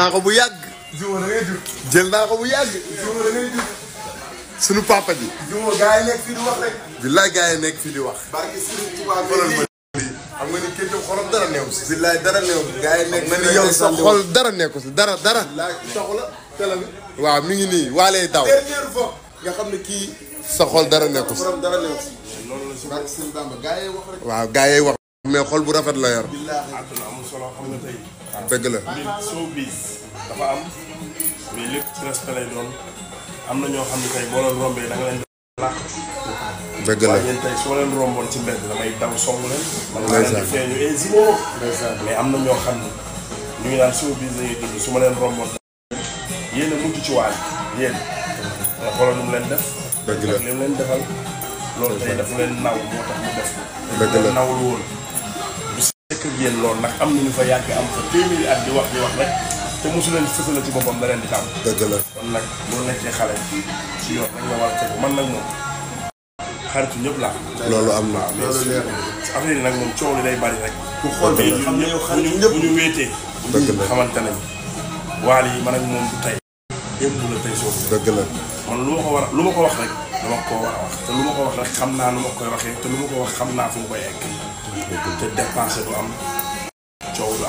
naa ko bu yàgg. juma da ngay jur. jël naa ko bu yàgg. juma da ngay jur. sunu papa ji. juma gaa yi nekk fii di wax rek. billaay gaa yi nekk fii di wax. barke Sëriñ Tuubaa xoolal ma xam nga ni képp xolam dara néew si. billaay dara néew si. gaa yi nekk na ni yow sa xol dara nekku si dara dara. laaj soxla tele bi. waaw mi ngi nii waalee daw. dernière fois nga xam ne kii. sa xol dara nekku si. xolam dara néew si. loolu la si barke Sëriñ Bamba gaa yi wax rek. waaw gaa yi wax. mais xol bu rafet la yor. billaay amul solo xam nga tey. dëgg la soo showbiz dafa am mais lépp respect lay doon am na ñoo xam ne tey boo leen rombee da nga leen làq dëgg leen romboon ci mbedd damay daw song leen man nga leen di mais am na ñoo xam ne ñu ngi naan showbiz lañuy dund su ma leen romboon yéen a mujj ci waay yéen nga xoolal mu leen def dëgg la leen leen defal loolu tey dafa leen naw moo tax mu def dëgg la nawul jigéen lool ndax am nañu fa yàgg am fa téeméeri at wax di wax rek te mosu leen ci boppam da leen di tàmm. dëgg la kon nag boo nekkee xale ci yoon dañ la a teg man nag moom xaritu ñëpp laa. loolu am na am na mais affaire yi nag moom rek. ku xool tey xam ne yow xarit xamante nañ waal yi man ak moom du tey. démb la tey soo dëgg la man lu ma ko war lu ma ko wax rek. dama ko te lu ma ko wax rek xam naa nu ma koy waxee te lu ma ko wax xam naa fu ma koy egg. te dépensé du am.